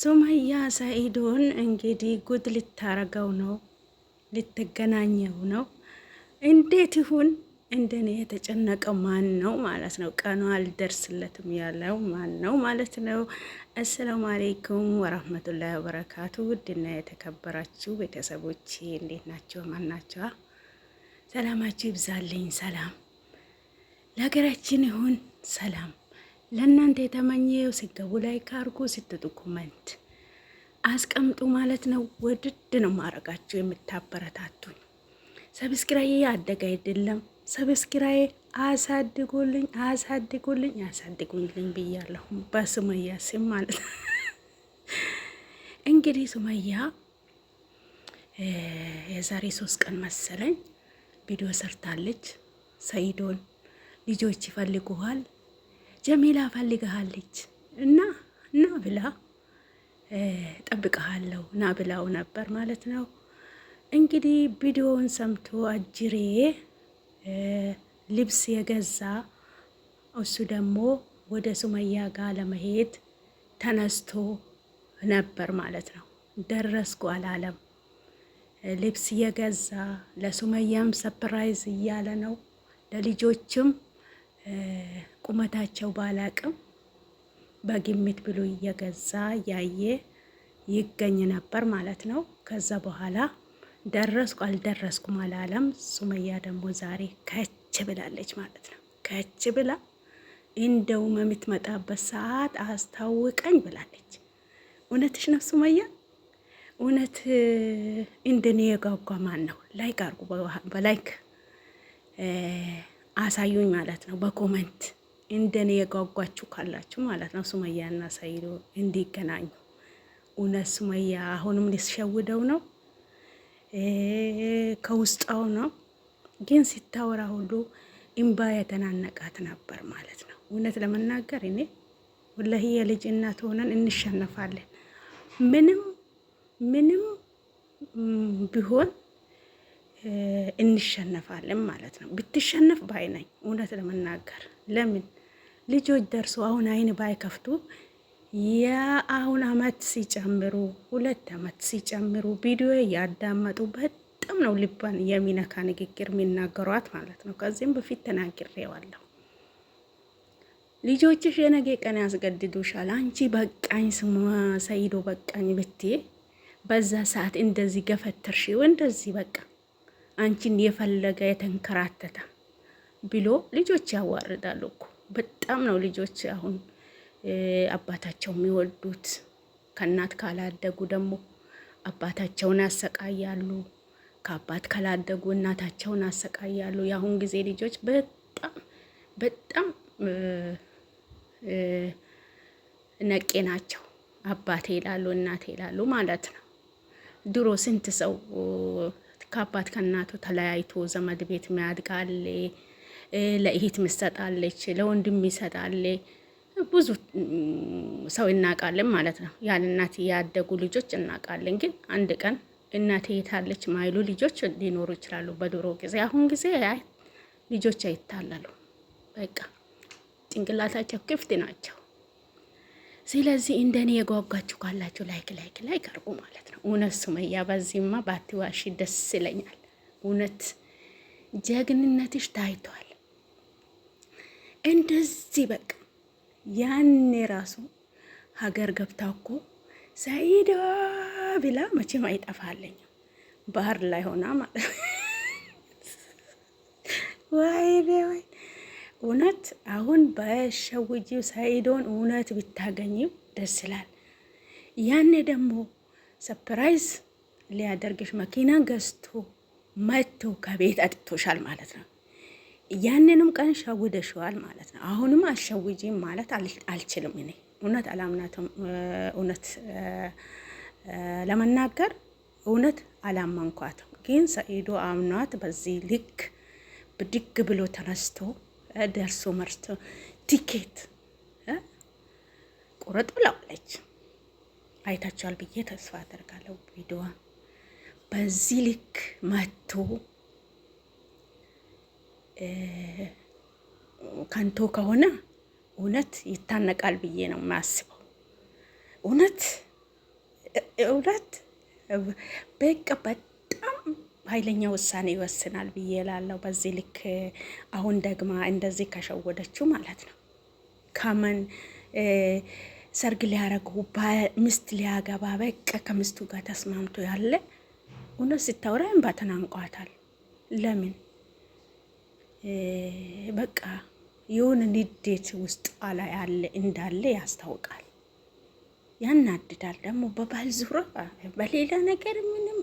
ሱመያ ሳኢዶን እንግዲህ ጉድ ልታረገው ነው፣ ልትገናኘው ነው። እንዴት ይሁን? እንደኔ የተጨነቀው ማን ነው ማለት ነው? ቀኑ አልደርስለትም ያለው ማን ነው ማለት ነው? አሰላሙ አሌይኩም ወራህመቱላሂ ወበረካቱ። ውድና የተከበራችሁ ቤተሰቦች እንዴት ናቸው? ማን ናቸዋ? ሰላማችሁ ይብዛልኝ። ሰላም ለሀገራችን ይሁን። ሰላም ለእናንተ የተመኘው ሲገቡ ላይ አድርጉ፣ ስትጡ ኮመንት አስቀምጡ ማለት ነው። ወድድ ነው ማረጋችሁ የምታበረታቱኝ። ሰብስክራይ ያደገ አይደለም። ሰብስክራይ አሳድጉልኝ ብያለሁ። በሱመያ ስም ማለት እንግዲህ ሱመያ የዛሬ ሶስት ቀን መሰለኝ ቪዲዮ ሰርታለች። ሰይዶን ልጆች ይፈልጉሃል ጀሚላ ፈልግሃለች እና ና ብላ ጠብቀሃለሁ ና ብላው ነበር ማለት ነው። እንግዲህ ቪዲዮውን ሰምቶ አጅሬ ልብስ የገዛ እሱ ደግሞ ወደ ሱመያ ጋር ለመሄድ ተነስቶ ነበር ማለት ነው። ደረስኩ አላለም። ልብስ የገዛ ለሱመያም ሰፕራይዝ እያለ ነው ለልጆችም ቁመታቸው ባላቅም በግምት ብሎ እየገዛ እያየ ይገኝ ነበር ማለት ነው። ከዛ በኋላ ደረስኩ አልደረስኩም አላለም። ሱመያ ደግሞ ዛሬ ከች ብላለች ማለት ነው። ከች ብላ እንደውም የምትመጣበት ሰዓት አስታውቀኝ ብላለች። እውነትሽ ነው ሱመያ፣ እውነት እንደኔ የጓጓ ማን ነው? ላይክ አርጉ፣ በላይክ አሳዩኝ ማለት ነው በኮመንት እንደኔ የጓጓችሁ ካላችሁ ማለት ነው ሱመያ እና ሰይዶ እንዲገናኙ። እውነት ሱመያ አሁንም ሊሸውደው ነው፣ ከውስጣው ነው። ግን ሲታወራ ሁሉ እምባ የተናነቃት ነበር ማለት ነው። እውነት ለመናገር እኔ ወላሂ የልጅ እናት ሆነን እንሸነፋለን። ምንም ምንም ቢሆን እንሸነፋለን ማለት ነው። ብትሸነፍ ነኝ እውነት ለመናገር ለምን ልጆች ደርሶ አሁን አይን ባይከፍቱ የአሁን አመት ሲጨምሩ ሁለት አመት ሲጨምሩ ቪዲዮ ያዳመጡ በጣም ነው ልባን የሚነካ ንግግር የሚናገሯት ማለት ነው። ከዚህም በፊት ተናግሬዋለሁ። ልጆችሽ የነገ ቀን ያስገድዱሻል። አንቺ በቃኝ ስሙ ሰይዶ በቃኝ ብቴ በዛ ሰዓት እንደዚህ ገፈተርሽው እንደዚህ በቃ አንቺን የፈለገ የተንከራተተ ብሎ ልጆች ያዋርዳሉ እኮ በጣም ነው ልጆች አሁን አባታቸው የሚወዱት። ከእናት ካላደጉ ደግሞ አባታቸውን ያሰቃያሉ። ከአባት ካላደጉ እናታቸውን ያሰቃያሉ። የአሁን ጊዜ ልጆች በጣም በጣም ነቄ ናቸው። አባቴ ይላሉ እናቴ ይላሉ ማለት ነው። ድሮ ስንት ሰው ከአባት ከእናቱ ተለያይቶ ዘመድ ቤት ሚያድጋል። ለእህት ምሰጣለች፣ ለወንድም ይሰጣል። ብዙ ሰው እናውቃለን ማለት ነው። ያን እናት ያደጉ ልጆች እናውቃለን። ግን አንድ ቀን እናቴ የታለች ማይሉ ልጆች ሊኖሩ ይችላሉ። በድሮ ጊዜ፣ አሁን ጊዜ ልጆች አይታላሉ። በቃ ጭንቅላታቸው ክፍት ናቸው። ስለዚህ እንደኔ የጓጓችሁ ካላችሁ ላይክ ላይክ ላይክ አርጉ ማለት ነው። እውነት ሱመያ በዚህማ ባትዋሺ ደስ ይለኛል። እውነት ጀግንነትሽ ታይቷል። እንደዚህ በቃ ያኔ ራሱ ሀገር ገብታ እኮ ሰኢዳ ብላ መቼም አይጠፋለኝ ባህር ላይ ሆና ማለት ወይ ወይ እውነት አሁን በሸውጂው ሰይዶን እውነት ብታገኝው ደስ ይላል። ያኔ ደግሞ ሰፕራይዝ ሊያደርግሽ መኪና ገዝቶ መጥቶ ከቤት አጥቶሻል ማለት ነው። ያንንም ቀን ሸውደሽዋል ማለት ነው። አሁንም አሸውጂም ማለት አልችልም። እኔ እውነት አላምናትም። እውነት ለመናገር እውነት አላመንኳትም። ግን ሰኢዶ አምኗት በዚህ ልክ ብድግ ብሎ ተነስቶ ደርሶ መርቶ ቲኬት ቁረጡ ላውለች አይታችኋል ብዬ ተስፋ አደርጋለሁ። ቪዲዮዋ በዚህ ልክ መቶ ከንቶ ከሆነ እውነት ይታነቃል ብዬ ነው የማያስበው። እውነት እውነት በቃ በጣም ኃይለኛ ውሳኔ ይወስናል ብዬ ላለው በዚህ ልክ አሁን ደግማ እንደዚህ ከሸወደችው ማለት ነው ከመን ሰርግ ሊያረጉ ሚስት ሊያገባ በቃ ከሚስቱ ጋር ተስማምቶ ያለ እውነት ስታወራ እንባ ተናንቋታል። ለምን በቃ የሆነ ንዴት ውስጥ ኋላ ያለ እንዳለ ያስታውቃል። ያናድዳል። ደግሞ በባል ዙራ በሌላ ነገር ምንም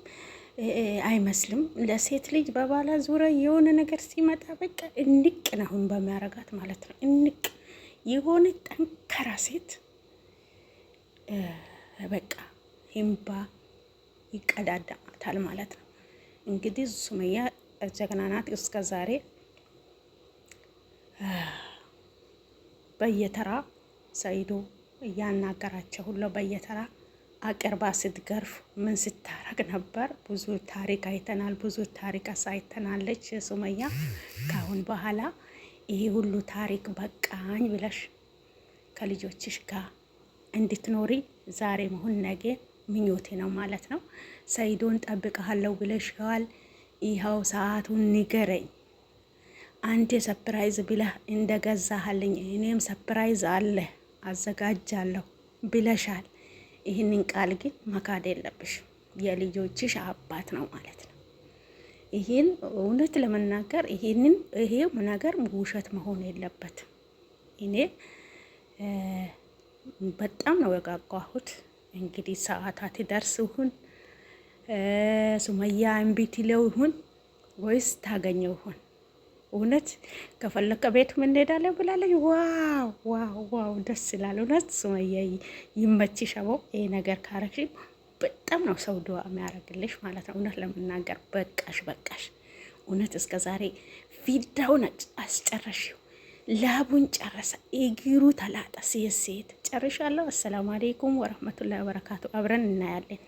አይመስልም። ለሴት ልጅ በባላ ዙራ የሆነ ነገር ሲመጣ በቃ እንቅ ነውን በሚያረጋት ማለት ነው። እንቅ የሆነ ጠንከራ ሴት በቃ እምባ ይቀዳደማታል ማለት ነው። እንግዲህ ሱመያ ጀግና ናት እስከ ዛሬ በየተራ ሰይዶ እያናገራቸው ሁሉ በየተራ አቅርባ ስትገርፍ ምን ስታረግ ነበር? ብዙ ታሪክ አይተናል። ብዙ ታሪክ አሳይተናለች ሱመያ። ካሁን በኋላ ይሄ ሁሉ ታሪክ በቃኝ ብለሽ ከልጆችሽ ጋር እንድትኖሪ ዛሬ መሆን ነገ ምኞቴ ነው ማለት ነው። ሰይዶን ጠብቀሃለሁ ብለሽዋል። ይኸው ሰዓቱን ንገረኝ አንዴ ሰፕራይዝ ብለህ እንደገዛህልኝ እኔም ሰፕራይዝ አለ አዘጋጃለሁ ብለሻል። ይህንን ቃል ግን መካድ የለብሽ። የልጆችሽ አባት ነው ማለት ነው። ይህን እውነት ለመናገር ይህንን ይሄ ነገር ውሸት መሆን የለበት። እኔ በጣም ነው የጋጓሁት። እንግዲህ ሰዓታት ደርስ ይሁን ሱመያ እምቢ ትለው ይሁን ወይስ ታገኘው ይሁን እውነት ከፈለከ ቤቱ እንሄዳለን ብላለች። ዋው ዋው ዋው ደስ ይላል እውነት። ሱመያ ይመችሽ፣ አቦ ይሄ ነገር ካረግሽ በጣም ነው ሰው ዱዓ የሚያደርግልሽ ማለት ነው። እውነት ለመናገር በቃሽ በቃሽ። እውነት እስከ ዛሬ ፊዳውን አስጨረሽው፣ ላቡን ጨረሰ፣ እግሩ ተላጠ። ሴት ሴት ጨርሻለሁ። አሰላሙ አሌይኩም ወረህመቱላሂ ወበረካቱ። አብረን እናያለን።